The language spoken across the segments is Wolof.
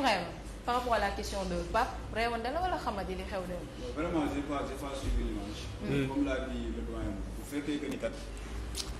Ibrahima par rapport la question de Pape réewante a wala xamadi li xew de. vraiment j'ai pas j'ai pas suivi l'image. Hmm. comme l'a dit le doyen bu fekkee que ni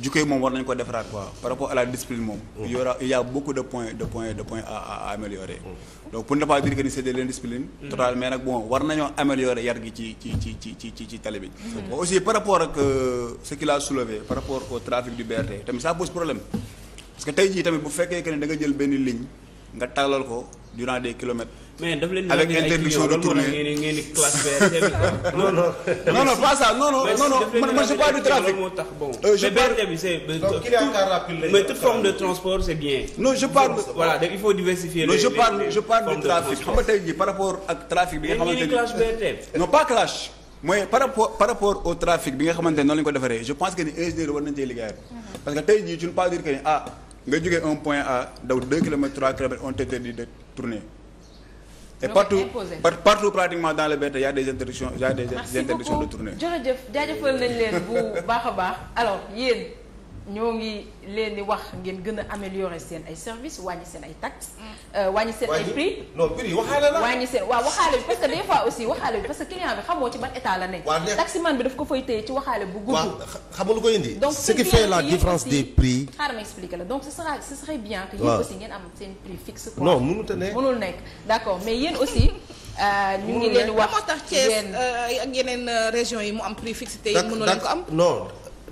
jukko yi moom war nañ ko defaraat quoi par rapport à la discipline moom. Mm. il y aura il y a beaucoup de points de points de points à à améliorer. Mm. donc pour ne pas dire que ni c'est de l'indiscipline mm. totale mais nag bon war nañoo améliorer yar gi ci ci ci ci tali bi. aussi par rapport ak euh, ce qu'il soulevé par rapport au trafic du BRT tamit ça pose problème parce que tey jii tamit bu fekkee que ne da jël benn ligne nga tàllal ko durant des kilomètres. mais daf leen avec interdiction de tourner ngeen ngeen classe BRT non non non non non non non je parle du trafic non je parle voilà il non je parle du trafic xam nga tey jii par rapport ak trafic non pas clash mooy par rapport au trafic bi nga xamante ne noonu ko defaree je pense que ni ingénieur war nañu mhm. ah, nga jógee un point A daw deux kilomètres trois kilomètres on t'interdit de tourner et partout partout pratiquement dans le BRT y a des interdictions y a des interdictions de tournée. jërëjëf jaajëfal nañ leen bu baax a baax alors yéen. ñoo ngi leen di wax ngeen gën a améliorer seen ay services wàññi seen ay taxes. Mm. Euh, wàññi seen ay prix non prix waxaale la. wàññi seen waaw waxaale bi parce que des fois aussi waxaale bi parce que client bi xamoo ci ban état la nekk. taximan bi daf ko fay téye ci waxaale bu gudd. xam lu koy indi. donc qui fait la différence des prix. xaaral ma expliquer la donc ce sera bien. que yéen aussi ngeen am seen prix fixe. quoi non a nekk d'accord mais yéen aussi. Euh, ñu ngi leen di wax moo tax Thiès euh, ak yeneen régions yi mu am prix fixe te mënul leen ko am non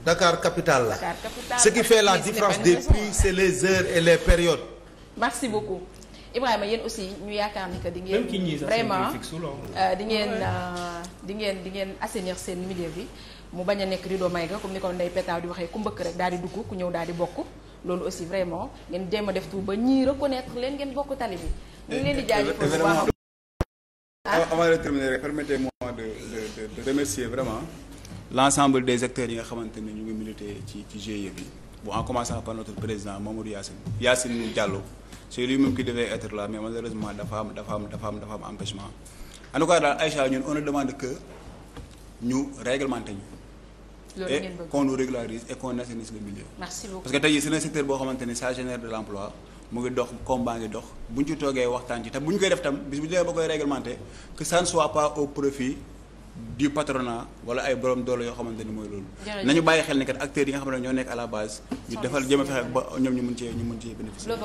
Dakar capital la. ce qui fait la différence des prix c'est les heures et les périodes. merci beaucoup Ibrahima yéen aussi ñu yaakaar ni que di ngeen. vraiment euh, di ngeen euh, di ngeen di ngeen assainir seen milieu bi. mu bañ a nekk rido may ga comme ni ko Ndeye Pétaw di waxee ku mbëkk rek daal di dugg ku ñëw daal di bokk loolu aussi vraiment ngeen jéem a def tout ba ñii reconnaître leen ngeen bokk tali bi. ñu ngi leen di jaajëfal bu baax avant de terminer rek permettez l'ensemble des acteurs yi nga xamante ne ñu ngi milité ci ci GIE bi bon en par notre président Mamadou Yacine Yacine Diallo c'est lui-même qui devait être là mais malheureusement dafa am dafa am dafa am empêchement en tout daal Aïcha ñun on ne demande que ñu réglementé ñu et qu'on nous régularise de l'emploi mu ngi dox combat ngi dox bu ñu toogee waxtaan ci te bu ñu koy def tam bis bu ñu demee koy réglementé que ça soit pas au profit du patronat wala ay borom doole yoo xamante ni mooy loolu. nañu bàyyi xel ni kat acteurs yi nga xam ne ñoo nekk à la base. ñu defal jéem a fexe ba ñoom ñu mun cee ñu mun cee bénéficier.